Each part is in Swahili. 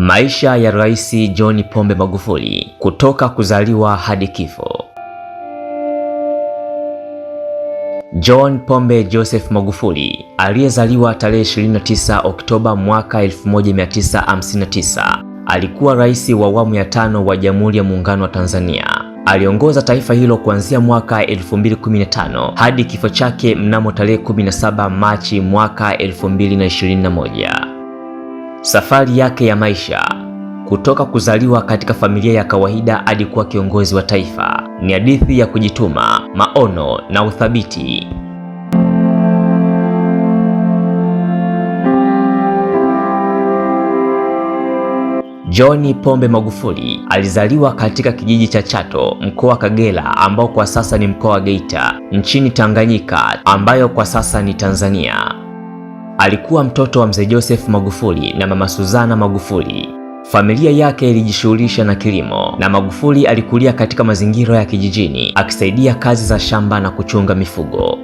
Maisha ya Rais John Pombe Magufuli kutoka kuzaliwa hadi kifo. John Pombe Joseph Magufuli aliyezaliwa tarehe 29 Oktoba mwaka 1959 alikuwa rais wa awamu ya tano wa Jamhuri ya Muungano wa Tanzania. Aliongoza taifa hilo kuanzia mwaka 2015 hadi kifo chake mnamo tarehe 17 Machi mwaka 2021. Safari yake ya maisha kutoka kuzaliwa katika familia ya kawaida hadi kuwa kiongozi wa taifa ni hadithi ya kujituma, maono na uthabiti. John Pombe Magufuli alizaliwa katika kijiji cha Chato, mkoa wa Kagera, ambao kwa sasa ni mkoa wa Geita, nchini Tanganyika, ambayo kwa sasa ni Tanzania. Alikuwa mtoto wa mzee Joseph Magufuli na mama Suzana Magufuli. Familia yake ilijishughulisha na kilimo na Magufuli alikulia katika mazingira ya kijijini akisaidia kazi za shamba na kuchunga mifugo.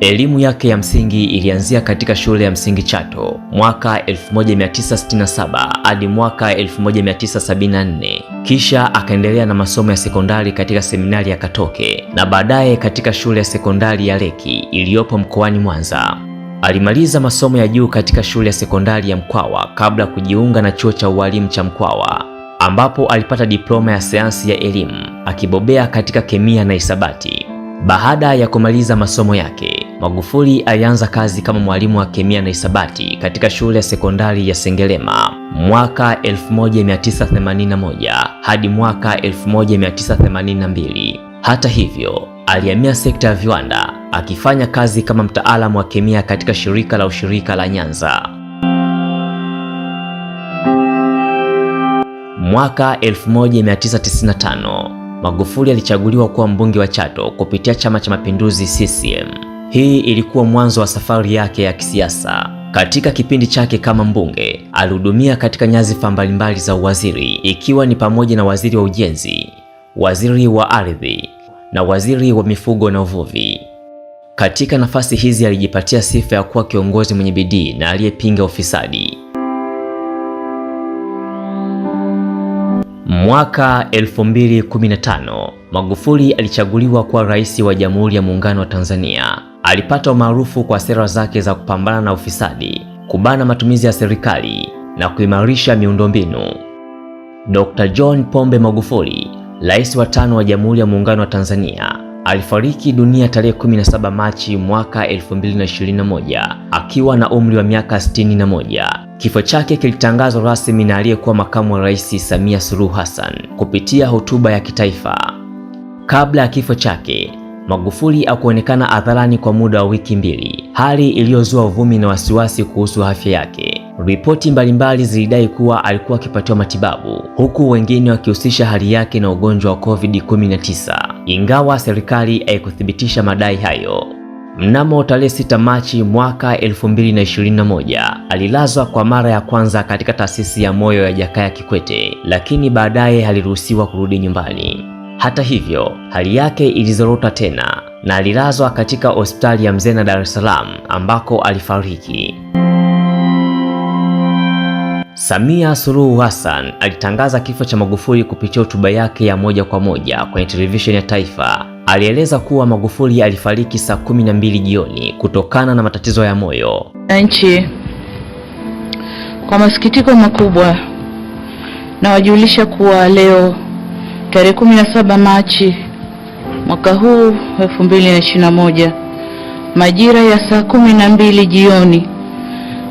Elimu yake ya msingi ilianzia katika shule ya msingi Chato mwaka 1967 hadi mwaka 1974. Kisha akaendelea na masomo ya sekondari katika seminari ya Katoke na baadaye katika shule ya sekondari ya Leki iliyopo mkoani Mwanza. Alimaliza masomo ya juu katika shule ya sekondari ya Mkwawa kabla ya kujiunga na chuo cha ualimu cha Mkwawa ambapo alipata diploma ya sayansi ya elimu akibobea katika kemia na hisabati. Baada ya kumaliza masomo yake, Magufuli alianza kazi kama mwalimu wa kemia na hisabati katika shule ya sekondari ya Sengerema mwaka 1981 hadi mwaka 1982. Hata hivyo, alihamia sekta ya viwanda akifanya kazi kama mtaalamu wa kemia katika shirika la ushirika la Nyanza. Mwaka 1995 Magufuli alichaguliwa kuwa mbunge wa Chato kupitia Chama cha Mapinduzi CCM. Hii ilikuwa mwanzo wa safari yake ya kisiasa. Katika kipindi chake kama mbunge, alihudumia katika nyadhifa mbalimbali za uwaziri ikiwa ni pamoja na waziri wa ujenzi, waziri wa ardhi na waziri wa mifugo na uvuvi. Katika nafasi hizi alijipatia sifa ya kuwa kiongozi mwenye bidii na aliyepinga ufisadi. Mwaka 2015 Magufuli alichaguliwa kuwa rais wa Jamhuri ya Muungano wa Tanzania. Alipata umaarufu kwa sera zake za kupambana na ufisadi, kubana matumizi ya serikali na kuimarisha miundombinu. Dr. John Pombe Magufuli, rais wa tano wa Jamhuri ya Muungano wa Tanzania alifariki dunia tarehe 17 Machi mwaka 2021 akiwa na umri wa miaka 61. Kifo chake kilitangazwa rasmi na aliyekuwa makamu wa rais Samia Suluhu Hassan kupitia hotuba ya kitaifa. Kabla ya kifo chake, Magufuli hakuonekana hadharani kwa muda wa wiki mbili, hali iliyozua uvumi na wasiwasi kuhusu afya yake. Ripoti mbalimbali zilidai kuwa alikuwa akipatiwa matibabu, huku wengine wakihusisha hali yake na ugonjwa wa COVID-19 ingawa serikali haikuthibitisha madai hayo. Mnamo tarehe 6 Machi mwaka 2021 alilazwa kwa mara ya kwanza katika taasisi ya moyo ya Jakaya Kikwete, lakini baadaye aliruhusiwa kurudi nyumbani. Hata hivyo, hali yake ilizorota tena na alilazwa katika hospitali ya Mzena Dar es Salaam ambako alifariki. Samia Suluhu Hassan alitangaza kifo cha Magufuli kupitia hotuba yake ya moja kwa moja kwenye televisheni ya taifa. Alieleza kuwa Magufuli alifariki saa kumi na mbili jioni kutokana na matatizo ya moyo. Wananchi, kwa masikitiko makubwa nawajulisha kuwa leo tarehe 17 Machi mwaka huu 2021 majira ya saa kumi na mbili jioni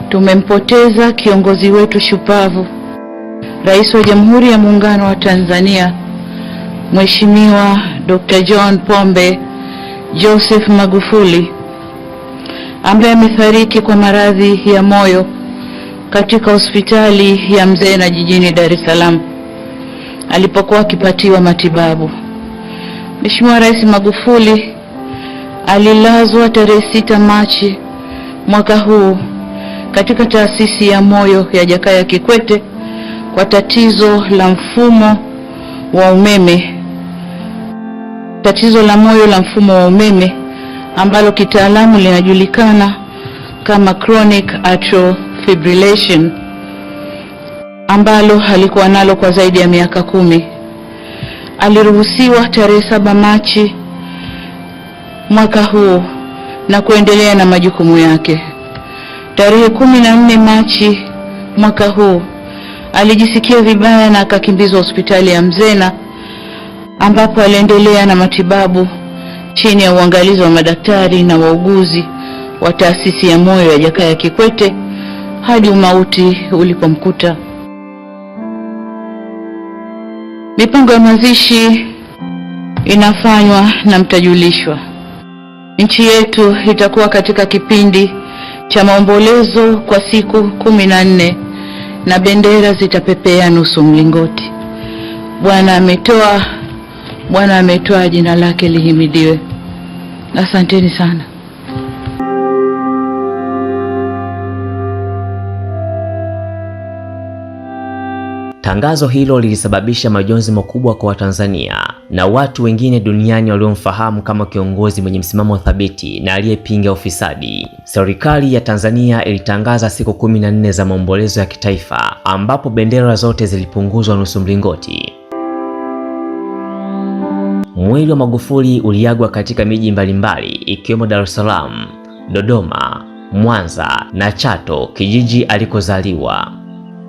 Tumempoteza kiongozi wetu shupavu, Rais wa Jamhuri ya Muungano wa Tanzania, Mheshimiwa Dr. John Pombe Joseph Magufuli ambaye amefariki kwa maradhi ya moyo katika hospitali ya Mzena jijini Dar es Salaam alipokuwa akipatiwa matibabu. Mheshimiwa Rais Magufuli alilazwa tarehe 6 Machi mwaka huu katika taasisi ya moyo ya Jakaya Kikwete kwa tatizo la mfumo wa umeme, tatizo la moyo la mfumo wa umeme ambalo kitaalamu linajulikana kama chronic atrial fibrillation ambalo alikuwa nalo kwa zaidi ya miaka kumi. Aliruhusiwa tarehe saba Machi mwaka huu na kuendelea na majukumu yake. Tarehe kumi na nne Machi mwaka huu alijisikia vibaya na akakimbizwa hospitali ya Mzena ambapo aliendelea na matibabu chini ya uangalizi wa madaktari na wauguzi wa taasisi ya moyo ya Jakaya Kikwete hadi umauti ulipomkuta. Mipango ya mazishi inafanywa na mtajulishwa. Nchi yetu itakuwa katika kipindi cha maombolezo kwa siku kumi na nne na bendera zitapepea nusu mlingoti. Bwana ametoa, Bwana ametoa, jina lake lihimidiwe. Asanteni sana. Tangazo hilo lilisababisha majonzi makubwa kwa Watanzania na watu wengine duniani waliomfahamu kama kiongozi mwenye msimamo thabiti na aliyepinga ufisadi. Serikali ya Tanzania ilitangaza siku kumi na nne za maombolezo ya kitaifa ambapo bendera zote zilipunguzwa nusu mlingoti. Mwili wa Magufuli uliagwa katika miji mbalimbali ikiwemo Dar es Salaam, Dodoma, Mwanza na Chato, kijiji alikozaliwa.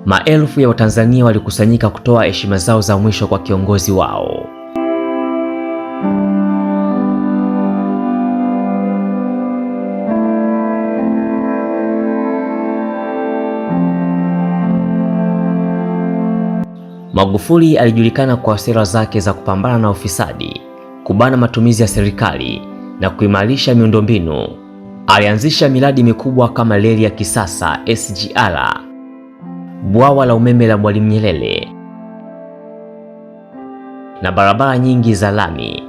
Maelfu ya Watanzania walikusanyika kutoa heshima zao za mwisho kwa kiongozi wao. Magufuli alijulikana kwa sera zake za kupambana na ufisadi, kubana matumizi ya serikali na kuimarisha miundombinu. Alianzisha miradi mikubwa kama reli ya kisasa SGR, bwawa la umeme la Mwalimu Nyerere na barabara nyingi za lami.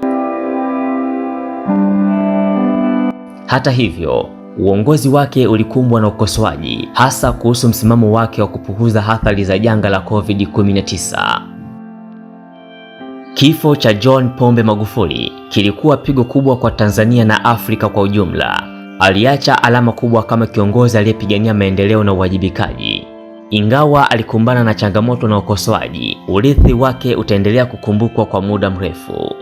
Hata hivyo Uongozi wake ulikumbwa na ukosoaji, hasa kuhusu msimamo wake wa kupunguza athari za janga la COVID-19. Kifo cha John Pombe Magufuli kilikuwa pigo kubwa kwa Tanzania na Afrika kwa ujumla. Aliacha alama kubwa kama kiongozi aliyepigania maendeleo na uwajibikaji. Ingawa alikumbana na changamoto na ukosoaji, urithi wake utaendelea kukumbukwa kwa muda mrefu.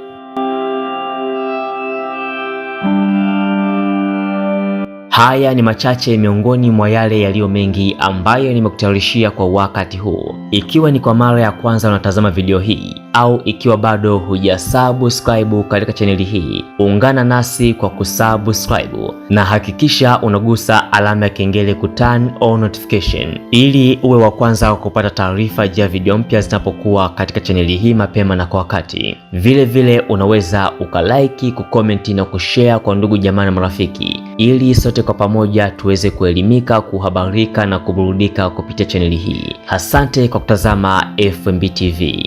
Haya ni machache miongoni mwa yale yaliyo mengi ambayo nimekutayarishia kwa wakati huu. Ikiwa ni kwa mara ya kwanza unatazama video hii au ikiwa bado hujasubscribe katika chaneli hii, ungana nasi kwa kusubscribe na hakikisha unagusa alama ya kengele ku turn on notification ili uwe wa kwanza kupata taarifa ya video mpya zinapokuwa katika chaneli hii mapema na kwa wakati. Vile vile unaweza ukalaiki, kukomenti na kushare kwa ndugu jamaa na marafiki, ili sote kwa pamoja tuweze kuelimika, kuhabarika na kuburudika kupitia chaneli hii. Asante kwa kutazama FMB TV.